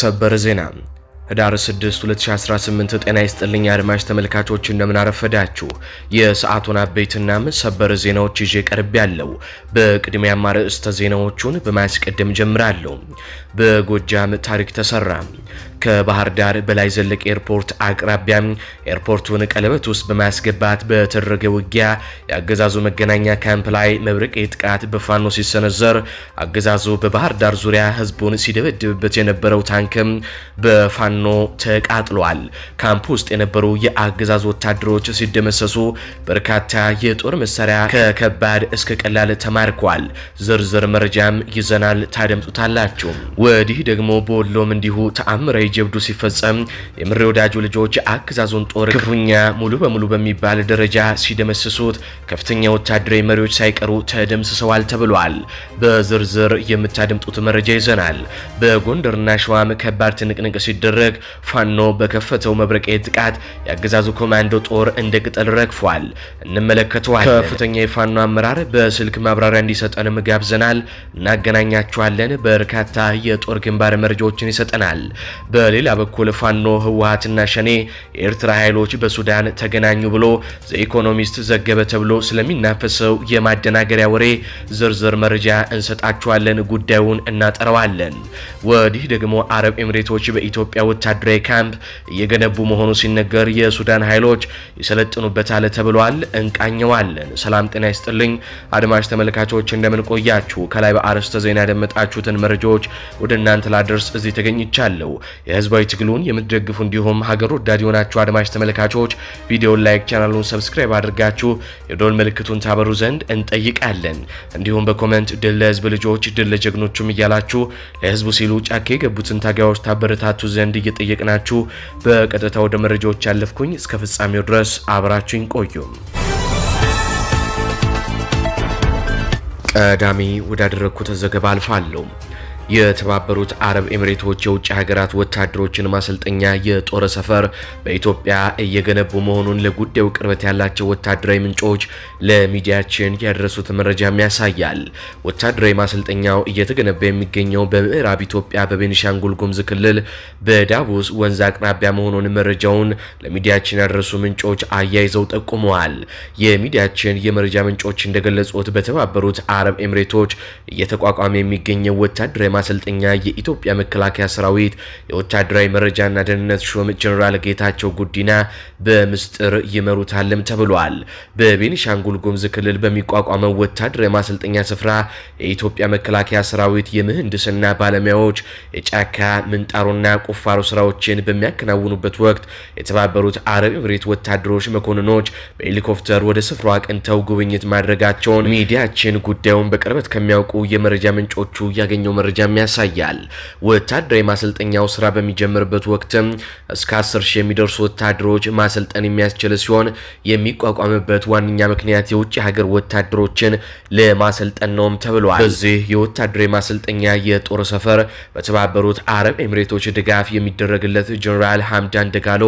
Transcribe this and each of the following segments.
ሰበር ዜና ህዳር 6 2018። ጤና ይስጥልኝ አድማጭ ተመልካቾች እንደምን አረፈዳችሁ። የሰዓቱን አበይትና ሰበር ዜናዎች ይዤ ቀርብ ያለው። በቅድሚያም አርዕስተ ዜናዎቹን በማስቀደም ጀምራለሁ። በጎጃም ታሪክ ተሰራ። ከባህር ዳር በላይ ዘለቀ ኤርፖርት አቅራቢያ ኤርፖርቱን ቀለበት ውስጥ በማስገባት በተደረገ ውጊያ የአገዛዙ መገናኛ ካምፕ ላይ መብረቅ ጥቃት በፋኖ ሲሰነዘር አገዛዙ በባህር ዳር ዙሪያ ህዝቡን ሲደበድብበት የነበረው ታንክም በፋኖ ተቃጥሏል። ካምፕ ውስጥ የነበሩ የአገዛዙ ወታደሮች ሲደመሰሱ በርካታ የጦር መሳሪያ ከከባድ እስከ ቀላል ተማርከዋል። ዝርዝር መረጃም ይዘናል፣ ታደምጡታላችሁ። ወዲህ ደግሞ በወሎም እንዲሁ ተአምራዊ ጀብዱ ሲፈጸም የምሬ ወዳጁ ልጆች አገዛዙን ጦር ክፉኛ ሙሉ በሙሉ በሚባል ደረጃ ሲደመስሱት ከፍተኛ ወታደራዊ መሪዎች ሳይቀሩ ተደምስሰዋል ተብሏል። በዝርዝር የምታደምጡት መረጃ ይዘናል። በጎንደርና ሸዋም ከባድ ትንቅንቅ ሲደረግ ፋኖ በከፈተው መብረቃዊ ጥቃት የአገዛዙ ኮማንዶ ጦር እንደ ቅጠል ረግፏል። እንመለከተዋል። ከፍተኛ የፋኖ አመራር በስልክ ማብራሪያ እንዲሰጠንም ጋብዘናል። እናገናኛችኋለን። በርካታ የጦር ግንባር መረጃዎችን ይሰጠናል። በሌላ በኩል ፋኖ ህወሀትና ሸኔ የኤርትራ ኃይሎች በሱዳን ተገናኙ ብሎ ዘኢኮኖሚስት ዘገበ ተብሎ ስለሚናፈሰው የማደናገሪያ ወሬ ዝርዝር መረጃ እንሰጣችኋለን። ጉዳዩን እናጠረዋለን። ወዲህ ደግሞ አረብ ኤምሬቶች በኢትዮጵያ ወታደራዊ ካምፕ እየገነቡ መሆኑ ሲነገር የሱዳን ኃይሎች ይሰለጥኑበታል ተብሏል። እንቃኘዋለን። ሰላም ጤና ይስጥልኝ አድማጭ ተመልካቾች እንደምን ቆያችሁ? ከላይ በአርዕስተ ዜና ያደመጣችሁትን መረጃዎች ወደ እናንተ ላደርስ እዚህ ተገኝቻለሁ። የህዝባዊ ትግሉን የምትደግፉ እንዲሁም ሀገር ወዳድ የሆናችሁ አድማጭ ተመልካቾች ቪዲዮን ላይክ፣ ቻናሉን ሰብስክራይብ አድርጋችሁ የዶል ምልክቱን ታበሩ ዘንድ እንጠይቃለን። እንዲሁም በኮመንት ድል ለህዝብ ልጆች፣ ድል ለጀግኖቹም እያላችሁ ለህዝቡ ሲሉ ጫካ የገቡትን ታጋዮች ታበረታቱ ዘንድ እየጠየቅናችሁ በቀጥታ ወደ መረጃዎች ያለፍኩኝ እስከ ፍጻሜው ድረስ አብራችሁኝ ቆዩም። ቀዳሚ ወዳደረግኩት ዘገባ አልፋለሁ። የተባበሩት አረብ ኤሚሬቶች የውጭ ሀገራት ወታደሮችን ማሰልጠኛ የጦር ሰፈር በኢትዮጵያ እየገነቡ መሆኑን ለጉዳዩ ቅርበት ያላቸው ወታደራዊ ምንጮች ለሚዲያችን ያደረሱት መረጃም ያሳያል። ወታደራዊ ማሰልጠኛው እየተገነባ የሚገኘው በምዕራብ ኢትዮጵያ በቤኒሻንጉል ጉምዝ ክልል በዳቡስ ወንዝ አቅራቢያ መሆኑን መረጃውን ለሚዲያችን ያደረሱ ምንጮች አያይዘው ጠቁመዋል። የሚዲያችን የመረጃ ምንጮች እንደገለጹት በተባበሩት አረብ ኤሚሬቶች እየተቋቋመ የሚገኘው ወታደራዊ ማሰልጠኛ የኢትዮጵያ መከላከያ ሰራዊት የወታደራዊ መረጃና ደህንነት ሹም ጀኔራል ጌታቸው ጉዲና በምስጢር ይመሩታልም ተብሏል። በቤኒሻንጉል ጉምዝ ክልል በሚቋቋመው ወታደራዊ ማሰልጠኛ ስፍራ የኢትዮጵያ መከላከያ ሰራዊት የምህንድስና ባለሙያዎች የጫካ ምንጣሩና ቁፋሮ ስራዎችን በሚያከናውኑበት ወቅት የተባበሩት አረብ ኤምሬት ወታደሮች መኮንኖች በሄሊኮፕተር ወደ ስፍራው አቅንተው ጉብኝት ማድረጋቸውን ሚዲያችን ጉዳዩን በቅርበት ከሚያውቁ የመረጃ ምንጮቹ ያገኘው መረጃ መረጃም ያሳያል። ወታደራዊ ማሰልጠኛው ስራ በሚጀምርበት ወቅትም እስከ 10 ሺህ የሚደርሱ ወታደሮች ማሰልጠን የሚያስችል ሲሆን የሚቋቋምበት ዋነኛ ምክንያት የውጭ ሀገር ወታደሮችን ለማሰልጠን ነውም ተብሏል። በዚህ የወታደራዊ ማሰልጠኛ የጦር ሰፈር በተባበሩት አረብ ኤሚሬቶች ድጋፍ የሚደረግለት ጀኔራል ሀምዳን ደጋሎ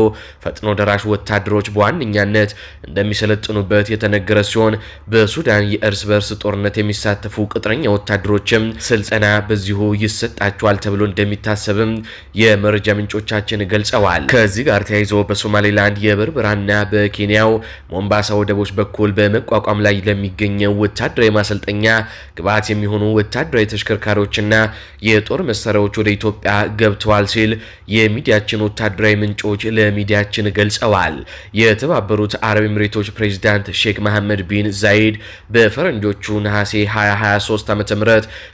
ፈጥኖ ደራሽ ወታደሮች በዋነኛነት እንደሚሰለጥኑበት የተነገረ ሲሆን በሱዳን የእርስ በርስ ጦርነት የሚሳተፉ ቅጥረኛ ወታደሮችም ስልጠና በዚሁ ይሰጣቸዋል ተብሎ እንደሚታሰብም የመረጃ ምንጮቻችን ገልጸዋል። ከዚህ ጋር ተያይዞ በሶማሌላንድ የበርበራና በኬንያው ሞምባሳ ወደቦች በኩል በመቋቋም ላይ ለሚገኘው ወታደራዊ ማሰልጠኛ ግብዓት የሚሆኑ ወታደራዊ ተሽከርካሪዎችና የጦር መሳሪያዎች ወደ ኢትዮጵያ ገብተዋል ሲል የሚዲያችን ወታደራዊ ምንጮች ለሚዲያችን ገልጸዋል። የተባበሩት አረብ ኤምሬቶች ፕሬዚዳንት ሼክ መሐመድ ቢን ዛይድ በፈረንጆቹ ነሐሴ 2023 ዓ ም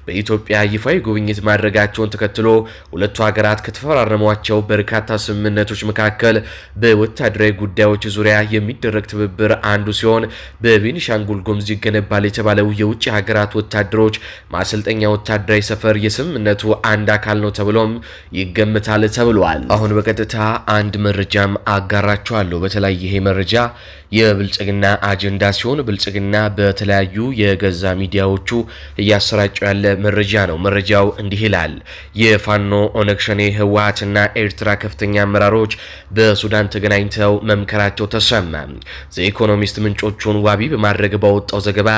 በኢትዮጵያ ይፋዊ ጉብ ጉብኝት ማድረጋቸውን ተከትሎ ሁለቱ ሀገራት ከተፈራረሟቸው በርካታ ስምምነቶች መካከል በወታደራዊ ጉዳዮች ዙሪያ የሚደረግ ትብብር አንዱ ሲሆን በቤኒሻንጉል ጎምዝ ይገነባል የተባለው የውጭ ሀገራት ወታደሮች ማሰልጠኛ ወታደራዊ ሰፈር የስምምነቱ አንድ አካል ነው ተብሎም ይገምታል ተብሏል። አሁን በቀጥታ አንድ መረጃም አጋራችኋለሁ። በተለይ ይሄ መረጃ የብልጽግና አጀንዳ ሲሆን ብልጽግና በተለያዩ የገዛ ሚዲያዎቹ እያሰራጨው ያለ መረጃ ነው። መረጃው ዘገባው እንዲህ ይላል። የፋኖ ኦነግ ሸኔ ህወሓትና ኤርትራ ከፍተኛ አመራሮች በሱዳን ተገናኝተው መምከራቸው ተሰማ። ዘኢኮኖሚስት ምንጮቹን ዋቢ በማድረግ ባወጣው ዘገባ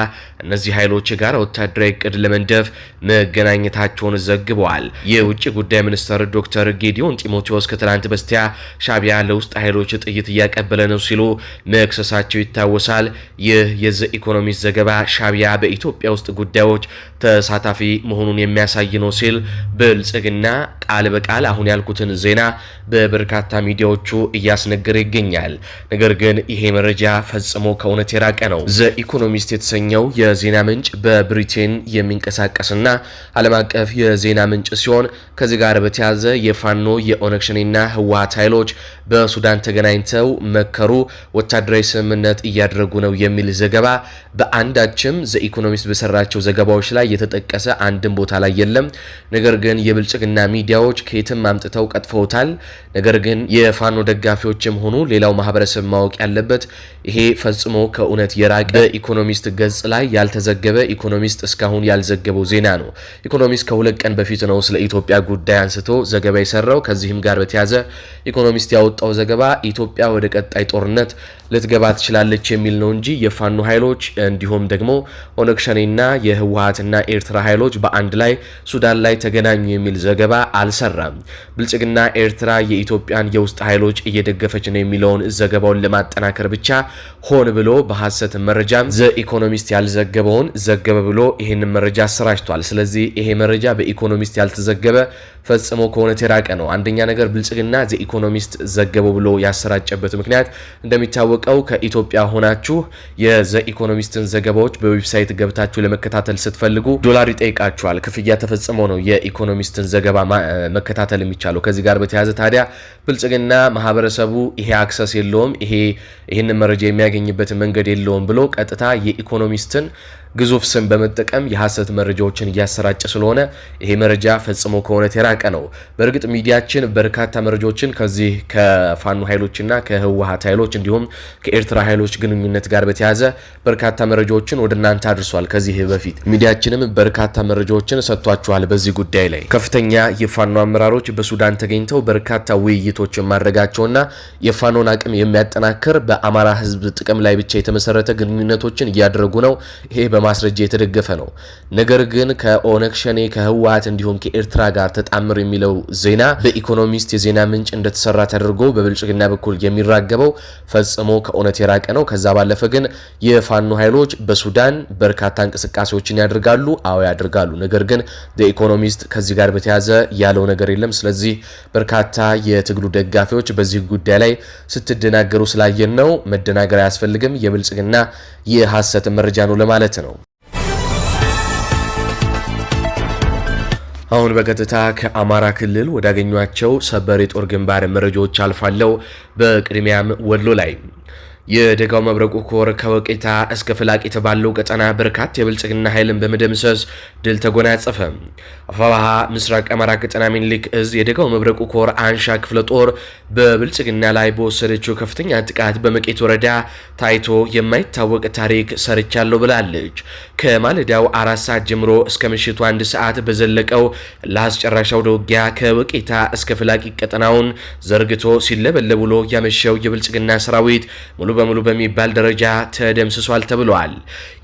እነዚህ ኃይሎች ጋር ወታደራዊ እቅድ ለመንደፍ መገናኘታቸውን ዘግበዋል። የውጭ ጉዳይ ሚኒስትር ዶክተር ጌዲዮን ጢሞቴዎስ ከትላንት በስቲያ ሻቢያ ለውስጥ ኃይሎች ጥይት እያቀበለ ነው ሲሉ መክሰሳቸው ይታወሳል። ይህ የዘ ኢኮኖሚስት ዘገባ ሻቢያ በኢትዮጵያ ውስጥ ጉዳዮች ተሳታፊ መሆኑን የሚያሳይ ነው ሲል ብልጽግና ቃል በቃል አሁን ያልኩትን ዜና በበርካታ ሚዲያዎቹ እያስነገረ ይገኛል። ነገር ግን ይሄ መረጃ ፈጽሞ ከእውነት የራቀ ነው። ዘ ኢኮኖሚስት የተሰኘው የዜና ምንጭ በብሪቴን የሚንቀሳቀስና ዓለም አቀፍ የዜና ምንጭ ሲሆን ከዚህ ጋር በተያያዘ የፋኖ የኦነግ ሸኔና ህወሀት ኃይሎች በሱዳን ተገናኝተው መከሩ፣ ወታደራዊ ስምምነት እያደረጉ ነው የሚል ዘገባ በአንዳችም ዘ ኢኮኖሚስት በሰራቸው ዘገባዎች ላይ የተጠቀሰ አንድም ቦታ ላይ የለም። ነገር ግን የብልጽግና ሚዲያዎች ከየትም አምጥተው ቀጥፈውታል። ነገር ግን የፋኖ ደጋፊዎችም ሆኑ ሌላው ማህበረሰብ ማወቅ ያለበት ይሄ ፈጽሞ ከእውነት የራቀ ኢኮኖሚስት ገጽ ላይ ያልተዘገበ ኢኮኖሚስት እስካሁን ያልዘገበው ዜና ነው። ኢኮኖሚስት ከሁለት ቀን በፊት ነው ስለ ኢትዮጵያ ጉዳይ አንስቶ ዘገባ የሰራው። ከዚህም ጋር በተያዘ ኢኮኖሚስት ያወጣው ዘገባ ኢትዮጵያ ወደ ቀጣይ ጦርነት ልትገባ ትችላለች የሚል ነው እንጂ የፋኖ ኃይሎች እንዲሁም ደግሞ ኦነግ ሸኔና የህወሀትና ኤርትራ ኃይሎች በአንድ ላይ ሱዳን ላይ ተገናኙ የሚል ዘገባ አልሰራም። ብልጽግና ኤርትራ የኢትዮጵያን የውስጥ ኃይሎች እየደገፈች ነው የሚለውን ዘገባውን ለማጠናከር ብቻ ሆን ብሎ በሐሰት መረጃ ዘ ኢኮኖሚስት ያልዘገበውን ዘገበ ብሎ ይህን መረጃ አሰራጭቷል። ስለዚህ ይሄ መረጃ በኢኮኖሚስት ያልተዘገበ ፈጽሞ ከእውነት የራቀ ነው። አንደኛ ነገር ብልጽግና ዘ ኢኮኖሚስት ዘገበው ብሎ ያሰራጨበት ምክንያት እንደሚታወቀው ከኢትዮጵያ ሆናችሁ የዘ ኢኮኖሚስትን ዘገባዎች በዌብሳይት ገብታችሁ ለመከታተል ስትፈልጉ ዶላር ይጠይቃችኋል። ክፍያ ተፈጽ ፈጽሞ ነው የኢኮኖሚስትን ዘገባ መከታተል የሚቻለው። ከዚህ ጋር በተያያዘ ታዲያ ብልጽግና ማህበረሰቡ ይሄ አክሰስ የለውም፣ ይሄ ይህንን መረጃ የሚያገኝበትን መንገድ የለውም ብሎ ቀጥታ የኢኮኖሚስትን ግዙፍ ስም በመጠቀም የሐሰት መረጃዎችን እያሰራጨ ስለሆነ ይሄ መረጃ ፈጽሞ ከእውነት የራቀ ነው። በእርግጥ ሚዲያችን በርካታ መረጃዎችን ከዚህ ከፋኖ ኃይሎችና ከህወሀት ኃይሎች እንዲሁም ከኤርትራ ኃይሎች ግንኙነት ጋር በተያያዘ በርካታ መረጃዎችን ወደ እናንተ አድርሷል። ከዚህ በፊት ሚዲያችንም በርካታ መረጃዎችን ሰጥቷችኋል። በዚህ ጉዳይ ላይ ከፍተኛ የፋኖ አመራሮች በሱዳን ተገኝተው በርካታ ውይይቶችን ማድረጋቸውና የፋኖን አቅም የሚያጠናክር በአማራ ህዝብ ጥቅም ላይ ብቻ የተመሰረተ ግንኙነቶችን እያደረጉ ነው ይሄ በማስረጃ የተደገፈ ነው። ነገር ግን ከኦነግ ሸኔ፣ ከህወሀት እንዲሁም ከኤርትራ ጋር ተጣምር የሚለው ዜና በኢኮኖሚስት የዜና ምንጭ እንደተሰራ ተደርጎ በብልጽግና በኩል የሚራገበው ፈጽሞ ከእውነት የራቀ ነው። ከዛ ባለፈ ግን የፋኖ ኃይሎች በሱዳን በርካታ እንቅስቃሴዎችን ያደርጋሉ። አዎ ያደርጋሉ። ነገር ግን ኢኮኖሚስት ከዚህ ጋር በተያዘ ያለው ነገር የለም። ስለዚህ በርካታ የትግሉ ደጋፊዎች በዚህ ጉዳይ ላይ ስትደናገሩ ስላየን ነው። መደናገር አያስፈልግም። የብልጽግና የሐሰት መረጃ ነው ለማለት ነው። አሁን በቀጥታ ከአማራ ክልል ወዳገኟቸው ሰበር የጦር ግንባር መረጃዎች አልፋለሁ። በቅድሚያም ወሎ ላይ የደጋው መብረቁ ኮር ከወቄታ እስከ ፍላቂት ባለው ቀጠና በርካታ የብልጽግና ኃይልን በመደምሰስ ድል ተጎናጸፈ። አፋባሃ ምስራቅ አማራ ቀጠና ሚኒሊክ እዝ የደጋው መብረቁ ኮር አንሻ ክፍለ ጦር በብልጽግና ላይ በወሰደችው ከፍተኛ ጥቃት በመቄት ወረዳ ታይቶ የማይታወቅ ታሪክ ሰርቻለሁ ብላለች። ከማለዳው አራት ሰዓት ጀምሮ እስከ ምሽቱ አንድ ሰዓት በዘለቀው ለአስጨራሽ አውደ ከወቄታ እስከ ፍላቂት ቀጠናውን ዘርግቶ ሲለበለብ ውሎ ያመሸው የብልጽግና ሰራዊት ሙሉ ሙሉ በሙሉ በሚባል ደረጃ ተደምስሷል ተብሏል።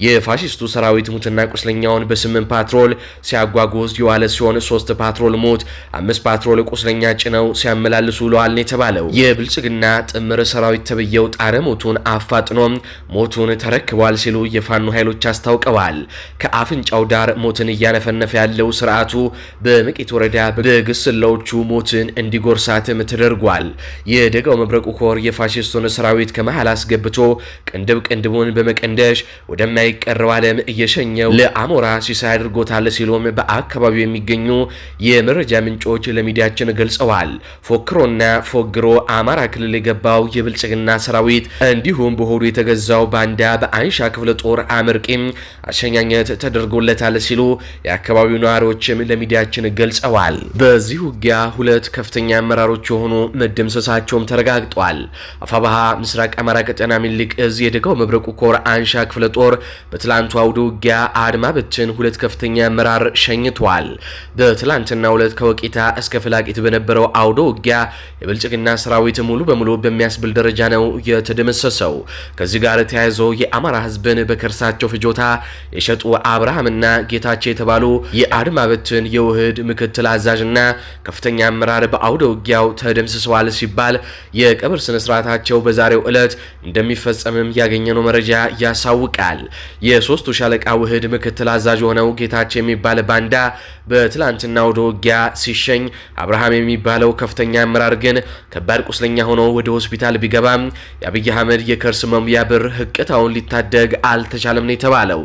የፋሽስቱ ሰራዊት ሙትና ቁስለኛውን በስምንት ፓትሮል ሲያጓጉዝ የዋለ ሲሆን ሶስት ፓትሮል ሙት፣ አምስት ፓትሮል ቁስለኛ ጭነው ሲያመላልሱ ውለዋል ነው የተባለው። የብልጽግና ጥምር ሰራዊት ተብየው ጣረ ሞቱን አፋጥኖ ሞቱን ተረክቧል ሲሉ የፋኖ ኃይሎች አስታውቀዋል። ከአፍንጫው ዳር ሞትን እያነፈነፈ ያለው ስርዓቱ በመቄት ወረዳ በግስላዎቹ ሞትን እንዲጎርሳትም ተደርጓል። የደጋው መብረቁ ኮር የፋሽስቱን ሰራዊት ከመሃል አስገብቶ ቅንድብ ቅንድቡን በመቀንደሽ ወደማይቀረው ዓለም እየሸኘው ለአሞራ ሲሳይ አድርጎታል ሲሉም በአካባቢው የሚገኙ የመረጃ ምንጮች ለሚዲያችን ገልጸዋል። ፎክሮና ፎግሮ አማራ ክልል የገባው የብልጽግና ሰራዊት እንዲሁም በሆዱ የተገዛው ባንዳ በአንሻ ክፍለ ጦር አመርቂም አሸኛኘት ተደርጎለታል ሲሉ የአካባቢው ነዋሪዎችም ለሚዲያችን ገልጸዋል። በዚህ ውጊያ ሁለት ከፍተኛ አመራሮች የሆኑ መደምሰሳቸውም ተረጋግጧል። አፋባሃ ምስራቅ አማራ ቀጠና ሚኒልክ እዝ የደጋው መብረቁ ኮር አንሻ ክፍለ ጦር በትላንቱ አውደ ውጊያ አድማ ብትን ሁለት ከፍተኛ አመራር ሸኝቷል። በትላንትና ሁለት ከወቂታ እስከ ፍላቂት በነበረው አውደ ውጊያ የብልጽግና ሰራዊት ሙሉ በሙሉ በሚያስብል ደረጃ ነው የተደመሰሰው። ከዚህ ጋር ተያይዞ የአማራ ህዝብን በከርሳቸው ፍጆታ የሸጡ አብርሃምና ጌታቸው የተባሉ የአድማ ብትን የውህድ ምክትል አዛዥና ከፍተኛ አመራር በአውደ ውጊያው ተደምስሰዋል ሲባል የቀብር ስነስርዓታቸው በዛሬው ዕለት እንደሚፈጸምም ያገኘነው መረጃ ያሳውቃል። የሶስቱ ሻለቃ ውህድ ምክትል አዛዥ የሆነው ጌታቸው የሚባል ባንዳ በትላንትና ወደ ውጊያ ሲሸኝ፣ አብርሃም የሚባለው ከፍተኛ አመራር ግን ከባድ ቁስለኛ ሆኖ ወደ ሆስፒታል ቢገባም የአብይ አህመድ የከርስ መሙያ ብር ህቅታውን ሊታደግ አልተቻለም ነው የተባለው።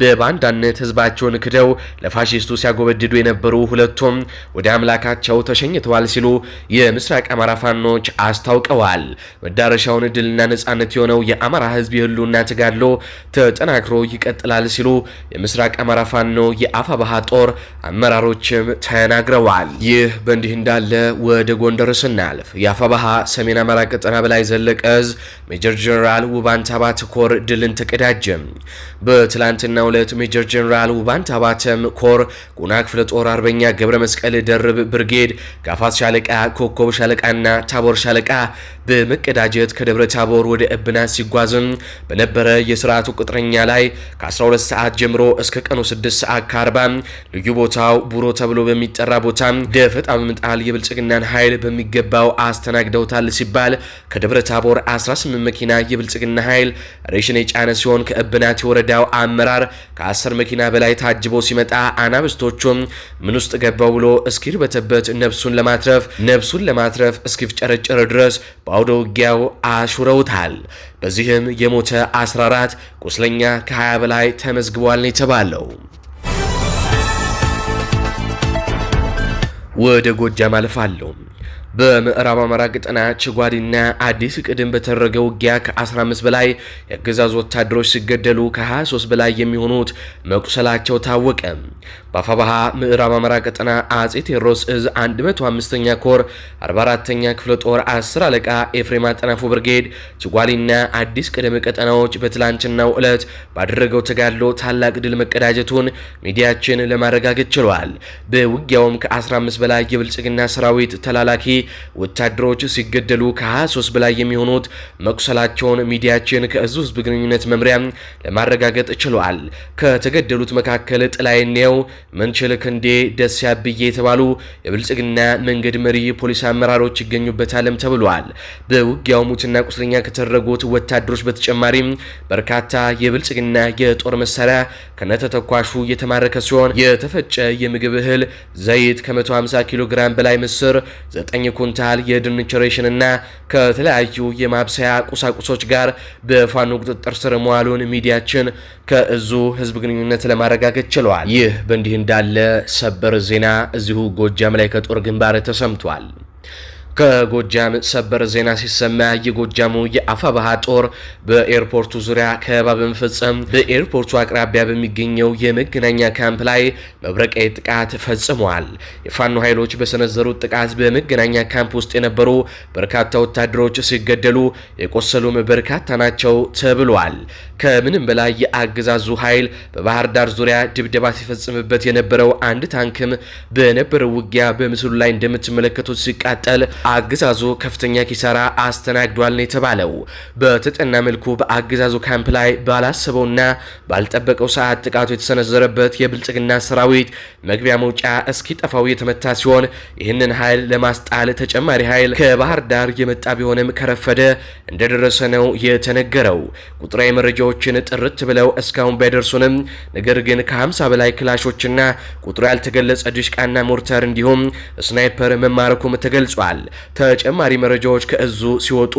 በባንዳነት ህዝባቸውን ክደው ለፋሽስቱ ሲያጎበድዱ የነበሩ ሁለቱም ወደ አምላካቸው ተሸኝተዋል ሲሉ የምስራቅ አማራ ፋኖች አስታውቀዋል። መዳረሻውን ድልና ነጻ ነጻነት የሆነው የአማራ ህዝብ የህልውና ተጋድሎ ተጠናክሮ ይቀጥላል ሲሉ የምስራቅ አማራ ፋኖ የአፋባሃ ጦር አመራሮችም ተናግረዋል። ይህ በእንዲህ እንዳለ ወደ ጎንደር ስናልፍ የአፋባሃ ሰሜን አማራ ቀጠና በላይ ዘለቀ እዝ ሜጀር ጀኔራል ውባንተ አባተ ኮር ድልን ተቀዳጀም። በትላንትና ሁለት ሜጀር ጀኔራል ውባንተ አባተም ኮር ጉና ክፍለ ጦር አርበኛ ገብረ መስቀል ደርብ ብርጌድ ጋፋት ሻለቃ፣ ኮከብ ሻለቃና ታቦር ሻለቃ በመቀዳጀት ከደብረ ታቦር ወደ እብናት ሲጓዝም በነበረ የስርዓቱ ቅጥረኛ ላይ ከ12 ሰዓት ጀምሮ እስከ ቀኑ 6 ሰዓት ከ40 ልዩ ቦታው ቡሮ ተብሎ በሚጠራ ቦታ ደፈጣ በመጣል የብልጽግናን ኃይል በሚገባው አስተናግደውታል ሲባል ከደብረ ታቦር 18 መኪና የብልጽግና ኃይል ሬሽን የጫነ ሲሆን ከእብናት የወረዳው አመራር ከ10 መኪና በላይ ታጅቦ ሲመጣ አናብስቶቹም ምን ውስጥ ገባው ብሎ እስኪርበተበት ነብሱን ለማትረፍ ነብሱን ለማትረፍ እስኪፍጨረጨረ ድረስ በአውደ ውጊያው አሹረውታል። ተገኝተዋል። በዚህም የሞተ 14 ቁስለኛ ከ20 በላይ ተመዝግቧል ነው የተባለው። ወደ ጎጃም አልፋለሁ። በምዕራብ አማራ ቀጠና ችጓዲና አዲስ ቅድም በተደረገ ውጊያ ከ15 በላይ የአገዛዙ ወታደሮች ሲገደሉ ከ23 በላይ የሚሆኑት መቁሰላቸው ታወቀ። በአፋባሃ ምዕራብ አማራ ቀጠና አጼ ቴዎድሮስ እዝ 105ኛ ኮር 44ኛ ክፍለ ጦር 10 አለቃ ኤፍሬም አጠናፉ ብርጌድ ችጓሊና አዲስ ቅደም ቀጠናዎች በትላንትናው ዕለት ባደረገው ተጋድሎ ታላቅ ድል መቀዳጀቱን ሚዲያችን ለማረጋገጥ ችሏል። በውጊያውም ከ15 በላይ የብልጽግና ሰራዊት ተላላኪ ወታደሮች ሲገደሉ ከ23 በላይ የሚሆኑት መቁሰላቸውን ሚዲያችን ከእዙ ህዝብ ግንኙነት መምሪያ ለማረጋገጥ ችሏል። ከተገደሉት መካከል ጥላይኔው ምንችልክ እንዴ ደስ ያብዬ የተባሉ የብልጽግና መንገድ መሪ የፖሊስ አመራሮች ይገኙበታልም ተብሏል። በውጊያው ሙትና ቁስለኛ ከተደረጉት ወታደሮች በተጨማሪም በርካታ የብልጽግና የጦር መሳሪያ ከነተተኳሹ የተማረከ ሲሆን የተፈጨ የምግብ እህል፣ ዘይት፣ ከ150 ኪሎ ግራም በላይ ምስር፣ 9 ኩንታል የድንች ሬሽን ከተለያዩ የማብሰያ ቁሳቁሶች ጋር በፋኖ ቁጥጥር ስር መዋሉን ሚዲያችን ከእዙ ህዝብ ግንኙነት ለማረጋገጥ ችሏል። ይህ በእንዲህ በእንዲህ እንዳለ ሰበር ዜና እዚሁ ጎጃም ላይ ከጦር ግንባር ተሰምቷል። ከጎጃም ሰበር ዜና ሲሰማ የጎጃሙ የአፋባሃ ጦር በኤርፖርቱ ዙሪያ ከበባ በመፈጸም በኤርፖርቱ አቅራቢያ በሚገኘው የመገናኛ ካምፕ ላይ መብረቃዊ ጥቃት ፈጽሟል። የፋኖ ኃይሎች በሰነዘሩት ጥቃት በመገናኛ ካምፕ ውስጥ የነበሩ በርካታ ወታደሮች ሲገደሉ፣ የቆሰሉም በርካታ ናቸው ተብሏል። ከምንም በላይ የአገዛዙ ኃይል በባህር ዳር ዙሪያ ድብደባ ሲፈጽምበት የነበረው አንድ ታንክም በነበረው ውጊያ በምስሉ ላይ እንደምትመለከቱት ሲቃጠል አገዛዙ ከፍተኛ ኪሳራ አስተናግዷል ነው የተባለው። በተጠና መልኩ በአገዛዙ ካምፕ ላይ ባላሰበውና ባልጠበቀው ሰዓት ጥቃቱ የተሰነዘረበት የብልጽግና ሰራዊት መግቢያ መውጫ እስኪጠፋው የተመታ ሲሆን ይህንን ኃይል ለማስጣል ተጨማሪ ኃይል ከባህር ዳር የመጣ ቢሆንም ከረፈደ እንደደረሰ ነው የተነገረው። ቁጥራዊ መረጃዎችን ጥርት ብለው እስካሁን ባይደርሱንም ነገር ግን ከ50 በላይ ክላሾችና ቁጥሩ ያልተገለጸ ድሽቃና ሞርተር እንዲሁም ስናይፐር መማረኩም ተገልጿል። ተጨማሪ መረጃዎች ከእዙ ሲወጡ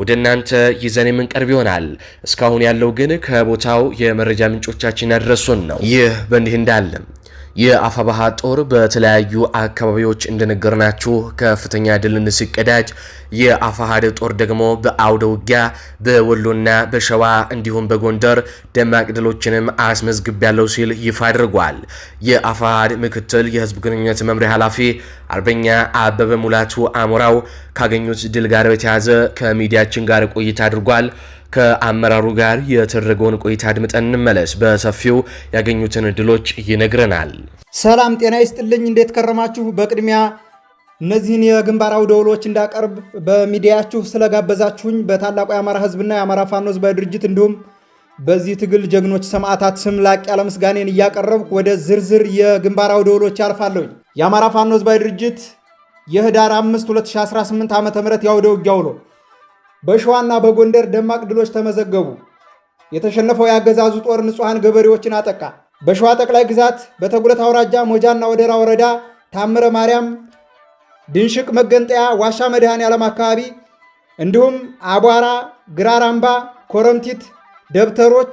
ወደ እናንተ ይዘን የምንቀርብ ይሆናል። እስካሁን ያለው ግን ከቦታው የመረጃ ምንጮቻችን ያደረሱን ነው። ይህ በእንዲህ እንዳለም የአፋባሃ ጦር በተለያዩ አካባቢዎች እንደነገርናችሁ ከፍተኛ ድልን ሲቀዳጅ የአፋሃድ ጦር ደግሞ በአውደ ውጊያ በወሎና በሸዋ እንዲሁም በጎንደር ደማቅ ድሎችንም አስመዝግብ ያለው ሲል ይፋ አድርጓል። የአፋሃድ ምክትል የህዝብ ግንኙነት መምሪያ ኃላፊ አርበኛ አበበ ሙላቱ አሞራው ካገኙት ድል ጋር በተያያዘ ከሚዲያችን ጋር ቆይታ አድርጓል። ከአመራሩ ጋር የተደረገውን ቆይታ አድምጠን እንመለስ። በሰፊው ያገኙትን ድሎች ይነግረናል። ሰላም ጤና ይስጥልኝ። እንዴት ከረማችሁ? በቅድሚያ እነዚህን የግንባር አውደ ውሎች እንዳቀርብ በሚዲያችሁ ስለጋበዛችሁኝ በታላቁ የአማራ ህዝብና የአማራ ፋኖ ሕዝባዊ ድርጅት እንዲሁም በዚህ ትግል ጀግኖች ሰማዕታት ስም ላቅ ያለ ምስጋኔን እያቀረብኩ ወደ ዝርዝር የግንባር አውደ ውሎች ያልፋለሁኝ። የአማራ ፋኖ ሕዝባዊ ድርጅት የህዳር 5 2018 ዓ ም የአውደ ውጊያ ውሎ በሸዋና በጎንደር ደማቅ ድሎች ተመዘገቡ። የተሸነፈው የአገዛዙ ጦር ንጹሐን ገበሬዎችን አጠቃ። በሸዋ ጠቅላይ ግዛት በተጉለት አውራጃ ሞጃና ወደራ ወረዳ ታምረ ማርያም፣ ድንሽቅ መገንጠያ፣ ዋሻ መድኃኔ ዓለም አካባቢ እንዲሁም አቧራ፣ ግራራምባ፣ ኮረምቲት፣ ደብተሮች፣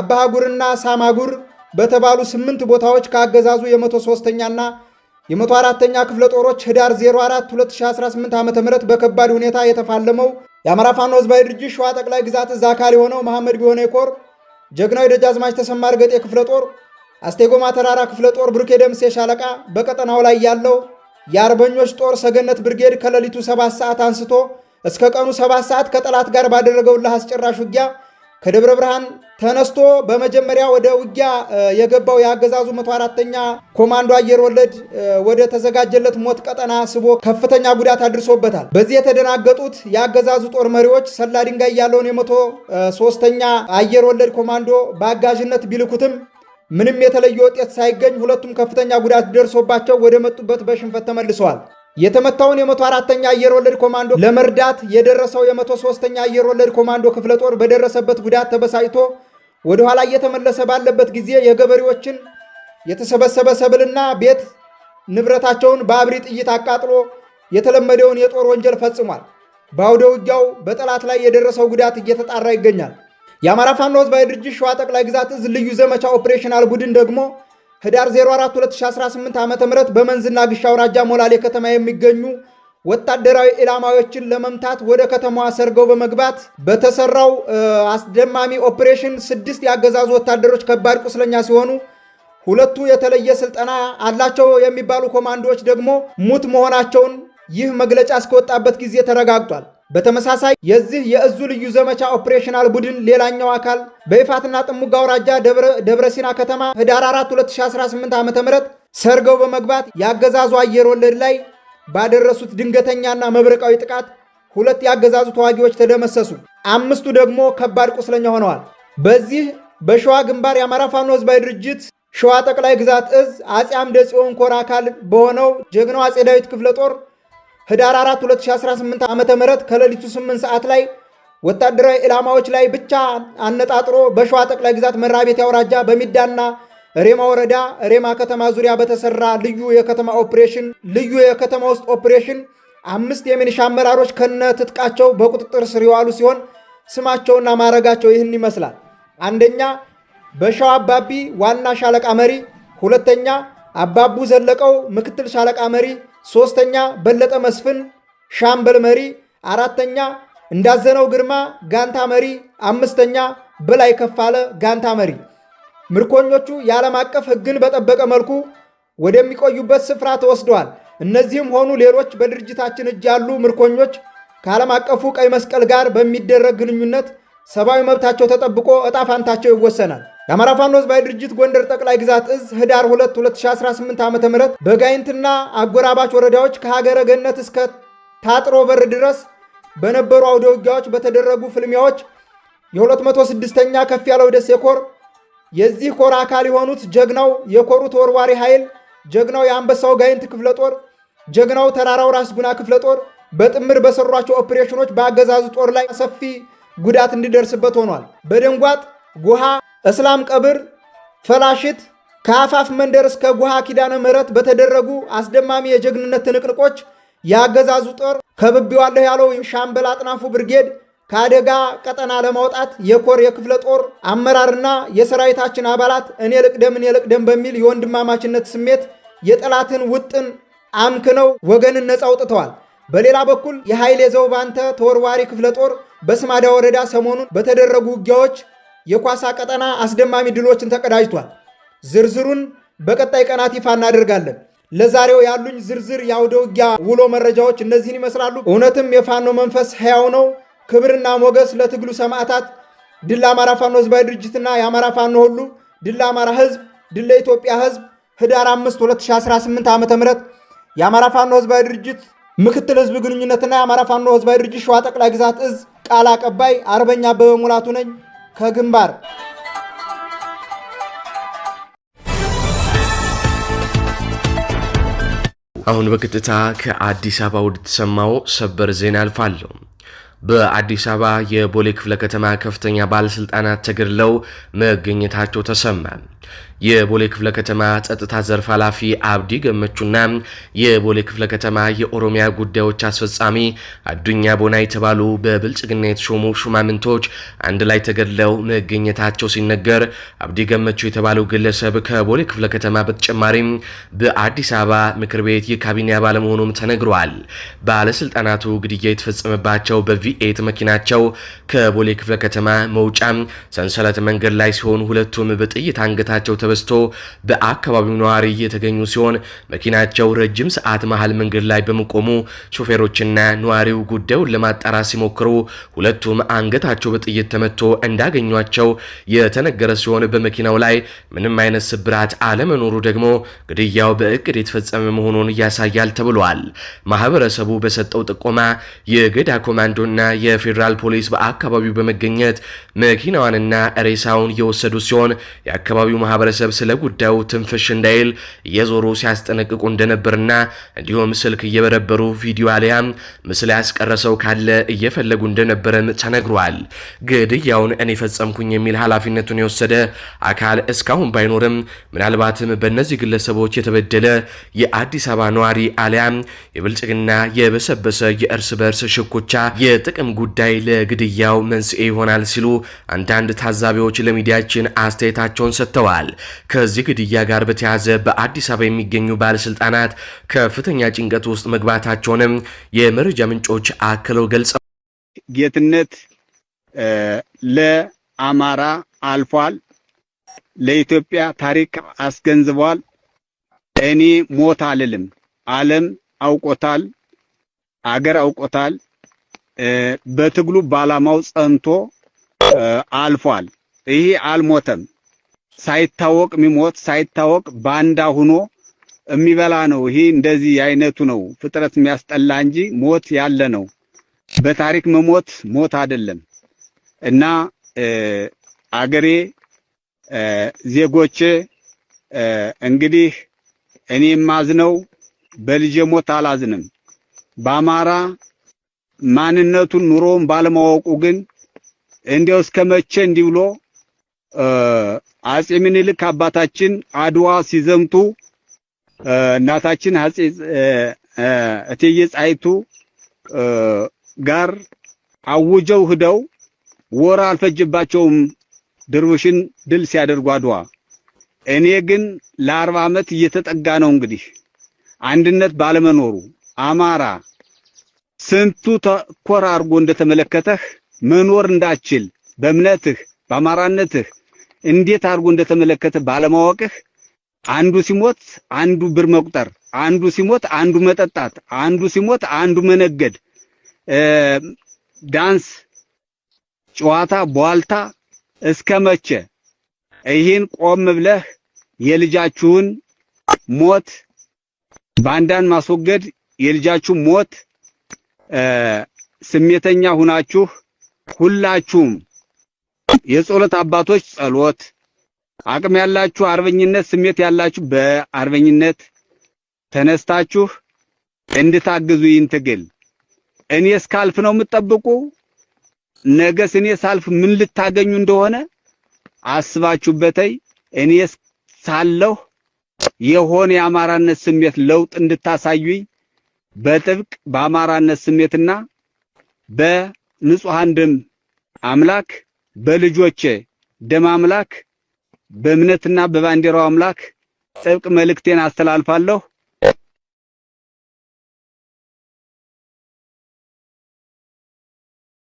አባሃጉርና ሳማጉር በተባሉ ስምንት ቦታዎች ከአገዛዙ የመቶ ሶስተኛና የመቶ አራተኛ ክፍለ ጦሮች ህዳር 04 2018 ዓ ም በከባድ ሁኔታ የተፋለመው የአማራ ፋኖ ህዝባዊ ድርጅት ሸዋ ጠቅላይ ግዛት እዝ አካል የሆነው መሐመድ ቢሆነ ኮር ጀግናው የደጃዝማች ተሰማ እርገጤ ክፍለ ጦር፣ አስቴጎማ ተራራ ክፍለ ጦር ብሩኬ ደምሴ ሻለቃ በቀጠናው ላይ ያለው የአርበኞች ጦር ሰገነት ብርጌድ ከሌሊቱ 7 ሰዓት አንስቶ እስከ ቀኑ 7 ሰዓት ከጠላት ጋር ባደረገው እልህ አስጨራሽ ውጊያ ከደብረ ብርሃን ተነስቶ በመጀመሪያ ወደ ውጊያ የገባው የአገዛዙ መቶ አራተኛ ኮማንዶ አየር ወለድ ወደ ተዘጋጀለት ሞት ቀጠና ስቦ ከፍተኛ ጉዳት አድርሶበታል። በዚህ የተደናገጡት የአገዛዙ ጦር መሪዎች ሰላ ድንጋይ ያለውን የመቶ ሶስተኛ አየር ወለድ ኮማንዶ በአጋዥነት ቢልኩትም ምንም የተለየ ውጤት ሳይገኝ ሁለቱም ከፍተኛ ጉዳት ደርሶባቸው ወደ መጡበት በሽንፈት ተመልሰዋል። የተመታውን የመቶ አራተኛ አየር ወለድ ኮማንዶ ለመርዳት የደረሰው የመቶ ሶስተኛ አየር ወለድ ኮማንዶ ክፍለ ጦር በደረሰበት ጉዳት ተበሳጭቶ ወደ ኋላ እየተመለሰ ባለበት ጊዜ የገበሬዎችን የተሰበሰበ ሰብልና ቤት ንብረታቸውን በአብሪ ጥይት አቃጥሎ የተለመደውን የጦር ወንጀል ፈጽሟል። በአውደ ውጊያው በጠላት ላይ የደረሰው ጉዳት እየተጣራ ይገኛል። የአማራ ፋኖ ህዝባዊ ድርጅት ሸዋ ጠቅላይ ግዛት እዝ ልዩ ዘመቻ ኦፕሬሽናል ቡድን ደግሞ ህዳር 04 2018 ዓ ም በመንዝና ግሻ አውራጃ ሞላሌ ከተማ የሚገኙ ወታደራዊ ኢላማዎችን ለመምታት ወደ ከተማዋ ሰርገው በመግባት በተሰራው አስደማሚ ኦፕሬሽን ስድስት የአገዛዙ ወታደሮች ከባድ ቁስለኛ ሲሆኑ ሁለቱ የተለየ ስልጠና አላቸው የሚባሉ ኮማንዶዎች ደግሞ ሙት መሆናቸውን ይህ መግለጫ እስከወጣበት ጊዜ ተረጋግጧል። በተመሳሳይ የዚህ የእዙ ልዩ ዘመቻ ኦፕሬሽናል ቡድን ሌላኛው አካል በይፋትና ጥሙጋ አውራጃ ደብረሲና ከተማ ህዳር 4 2018 ዓ ም ሰርገው በመግባት የአገዛዙ አየር ወለድ ላይ ባደረሱት ድንገተኛና መብረቃዊ ጥቃት ሁለት የአገዛዙ ተዋጊዎች ተደመሰሱ፣ አምስቱ ደግሞ ከባድ ቁስለኛ ሆነዋል። በዚህ በሸዋ ግንባር የአማራ ፋኖ ህዝባዊ ድርጅት ሸዋ ጠቅላይ ግዛት እዝ አጼ አምደ ጽዮን ኮር አካል በሆነው ጀግናው አጼ ዳዊት ክፍለ ጦር ህዳር 4 2018 ዓ ም ከሌሊቱ 8 ሰዓት ላይ ወታደራዊ ኢላማዎች ላይ ብቻ አነጣጥሮ በሸዋ ጠቅላይ ግዛት ቤት አውራጃ በሚዳና ሬማ ወረዳ ሬማ ከተማ ዙሪያ በተሰራ ልዩ የከተማ ኦፕሬሽን ልዩ የከተማ ውስጥ ኦፕሬሽን አምስት የሚኒሻ አመራሮች ከነ ትጥቃቸው በቁጥጥር ስር የዋሉ ሲሆን ስማቸውና ማረጋቸው ይህን ይመስላል። አንደኛ በሸዋ አባቢ ዋና ሻለቃ መሪ፣ ሁለተኛ አባቡ ዘለቀው ምክትል ሻለቃ መሪ ሶስተኛ በለጠ መስፍን ሻምበል መሪ፣ አራተኛ እንዳዘነው ግርማ ጋንታ መሪ፣ አምስተኛ በላይ ከፋለ ጋንታ መሪ። ምርኮኞቹ የዓለም አቀፍ ሕግን በጠበቀ መልኩ ወደሚቆዩበት ስፍራ ተወስደዋል። እነዚህም ሆኑ ሌሎች በድርጅታችን እጅ ያሉ ምርኮኞች ከዓለም አቀፉ ቀይ መስቀል ጋር በሚደረግ ግንኙነት ሰብአዊ መብታቸው ተጠብቆ እጣ ፋንታቸው ይወሰናል። የአማራ ፋኖ ህዝባዊ ድርጅት ጎንደር ጠቅላይ ግዛት እዝ ህዳር 2 2018 ዓ ም በጋይንትና አጎራባች ወረዳዎች ከሀገረ ገነት እስከ ታጥሮ በር ድረስ በነበሩ አውደ ውጊያዎች በተደረጉ ፍልሚያዎች የ206ኛ ከፍ ያለው ደሴ ኮር የዚህ ኮር አካል የሆኑት ጀግናው የኮሩ ተወርዋሪ ኃይል፣ ጀግናው የአንበሳው ጋይንት ክፍለ ጦር፣ ጀግናው ተራራው ራስ ጉና ክፍለ ጦር በጥምር በሰሯቸው ኦፕሬሽኖች በአገዛዙ ጦር ላይ ሰፊ ጉዳት እንዲደርስበት ሆኗል። በደንጓጥ ጎሃ እስላም ቀብር፣ ፈላሽት ከአፋፍ መንደር እስከ ጉሃ ኪዳነ ምሕረት በተደረጉ አስደማሚ የጀግንነት ትንቅንቆች የአገዛዙ ጦር ከብቤዋለሁ ያለው ሻምበል አጥናፉ ብርጌድ ከአደጋ ቀጠና ለማውጣት የኮር የክፍለ ጦር አመራርና የሰራዊታችን አባላት እኔ ልቅደም እኔ ልቅደም በሚል የወንድማማችነት ስሜት የጠላትን ውጥን አምክነው ወገንን ነፃ አውጥተዋል። በሌላ በኩል የኃይሌ ዘውባንተ ተወርዋሪ ክፍለ ጦር በስማዳ ወረዳ ሰሞኑን በተደረጉ ውጊያዎች የኳሳ ቀጠና አስደማሚ ድሎችን ተቀዳጅቷል። ዝርዝሩን በቀጣይ ቀናት ይፋ እናደርጋለን። ለዛሬው ያሉኝ ዝርዝር የአውደ ውጊያ ውሎ መረጃዎች እነዚህን ይመስላሉ። እውነትም የፋኖ መንፈስ ሕያው ነው። ክብርና ሞገስ ለትግሉ ሰማዕታት። ድል አማራ ፋኖ ህዝባዊ ድርጅትና የአማራ ፋኖ ሁሉ፣ ድል አማራ ህዝብ፣ ድል ለኢትዮጵያ ህዝብ። ህዳር 5 2018 ዓ ም የአማራ ፋኖ ህዝባዊ ድርጅት ምክትል ህዝብ ግንኙነትና የአማራ ፋኖ ህዝባዊ ድርጅት ሸዋ ጠቅላይ ግዛት እዝ ቃል አቀባይ አርበኛ አበበ ሙላቱ ነኝ። ከግንባር አሁን በቀጥታ ከአዲስ አበባ ወደ ተሰማው ሰበር ዜና አልፋለሁ። በአዲስ አበባ የቦሌ ክፍለ ከተማ ከፍተኛ ባለስልጣናት ተገድለው መገኘታቸው ተሰማ። የቦሌ ክፍለ ከተማ ጸጥታ ዘርፍ ኃላፊ አብዲ ገመቹና የቦሌ ክፍለ ከተማ የኦሮሚያ ጉዳዮች አስፈጻሚ አዱኛ ቦና የተባሉ በብልጽግና የተሾሙ ሹማምንቶች አንድ ላይ ተገድለው መገኘታቸው ሲነገር አብዲ ገመቹ የተባለው ግለሰብ ከቦሌ ክፍለ ከተማ በተጨማሪም በአዲስ አበባ ምክር ቤት የካቢኔ አባል መሆኑም ተነግሯል። ባለስልጣናቱ ግድያ የተፈጸመባቸው በቪኤት መኪናቸው ከቦሌ ክፍለ ከተማ መውጫ ሰንሰለት መንገድ ላይ ሲሆን ሁለቱም በጥይት አንገታቸው ተበስቶ በአካባቢው ነዋሪ የተገኙ ሲሆን መኪናቸው ረጅም ሰዓት መሀል መንገድ ላይ በመቆሙ ሾፌሮችና ነዋሪው ጉዳዩን ለማጣራት ሲሞክሩ ሁለቱም አንገታቸው በጥይት ተመቶ እንዳገኟቸው የተነገረ ሲሆን በመኪናው ላይ ምንም አይነት ስብራት አለመኖሩ ደግሞ ግድያው በእቅድ የተፈጸመ መሆኑን ያሳያል ተብሏል። ማህበረሰቡ በሰጠው ጥቆማ የገዳ ኮማንዶና የፌዴራል ፖሊስ በአካባቢው በመገኘት መኪናዋንና ሬሳውን የወሰዱ ሲሆን የአካባቢው ማህበረሰብ ማህበረሰብ ስለ ጉዳዩ ትንፍሽ እንዳይል እየዞሩ ሲያስጠነቅቁ እንደነበርና እንዲሁም ስልክ እየበረበሩ ቪዲዮ አሊያም ምስል ያስቀረሰው ካለ እየፈለጉ እንደነበረም ተነግሯል። ግድያውን እኔ ፈጸምኩኝ የሚል ኃላፊነቱን የወሰደ አካል እስካሁን ባይኖርም ምናልባትም በእነዚህ ግለሰቦች የተበደለ የአዲስ አበባ ነዋሪ አሊያም የብልጽግና የበሰበሰ የእርስ በእርስ ሽኩቻ የጥቅም ጉዳይ ለግድያው መንስኤ ይሆናል ሲሉ አንዳንድ ታዛቢዎች ለሚዲያችን አስተያየታቸውን ሰጥተዋል። ከዚህ ግድያ ጋር በተያያዘ በአዲስ አበባ የሚገኙ ባለስልጣናት ከፍተኛ ጭንቀት ውስጥ መግባታቸውንም የመረጃ ምንጮች አክለው ገልጸው ጌትነት ለአማራ አልፏል፣ ለኢትዮጵያ ታሪክ አስገንዝቧል። እኔ ሞት አልልም። ዓለም አውቆታል፣ አገር አውቆታል። በትግሉ ባላማው ጸንቶ አልፏል። ይሄ አልሞተም። ሳይታወቅ የሚሞት ሳይታወቅ ባንዳ ሁኖ የሚበላ ነው። ይሄ እንደዚህ አይነቱ ነው ፍጥረት የሚያስጠላ እንጂ ሞት ያለ ነው። በታሪክ መሞት ሞት አይደለም እና አገሬ ዜጎቼ እንግዲህ እኔ የማዝነው በልጄ ሞት አላዝንም። በአማራ ማንነቱን ኑሮውን ባለማወቁ ግን እንዲያው እስከ መቼ እንዲህ ብሎ አጼ ምኒልክ አባታችን አድዋ ሲዘምቱ እናታችን አጼ እቴየ ጣይቱ ጋር አውጀው ሂደው ወራ አልፈጀባቸውም ድርብሽን ድል ሲያደርጉ አድዋ። እኔ ግን ለአርባ ዓመት እየተጠጋ ነው እንግዲህ አንድነት ባለመኖሩ አማራ ስንቱ ተኮር አድርጎ እንደተመለከተህ መኖር እንዳችል በእምነትህ በአማራነትህ እንዴት አድርጎ እንደተመለከተ ባለማወቅህ አንዱ ሲሞት አንዱ ብር መቁጠር፣ አንዱ ሲሞት አንዱ መጠጣት፣ አንዱ ሲሞት አንዱ መነገድ፣ ዳንስ፣ ጨዋታ፣ ቧልታ እስከ መቼ? ይህን ቆም ብለህ የልጃችሁን ሞት ባንዳን ማስወገድ የልጃችሁ ሞት ስሜተኛ ሁናችሁ ሁላችሁም የጸሎት አባቶች ጸሎት፣ አቅም ያላችሁ አርበኝነት ስሜት ያላችሁ በአርበኝነት ተነስታችሁ እንድታግዙ ይህን ትግል እኔ እስካልፍ ነው የምጠብቁ። ነገስ እኔ ሳልፍ ምን ልታገኙ እንደሆነ አስባችሁበተይ እኔ ሳለሁ የሆነ የአማራነት ስሜት ለውጥ እንድታሳዩኝ በጥብቅ በአማራነት ስሜትና በንጹሐን ደም አምላክ በልጆቼ ደም አምላክ በእምነትና በባንዲራው አምላክ ጥብቅ መልእክቴን አስተላልፋለሁ።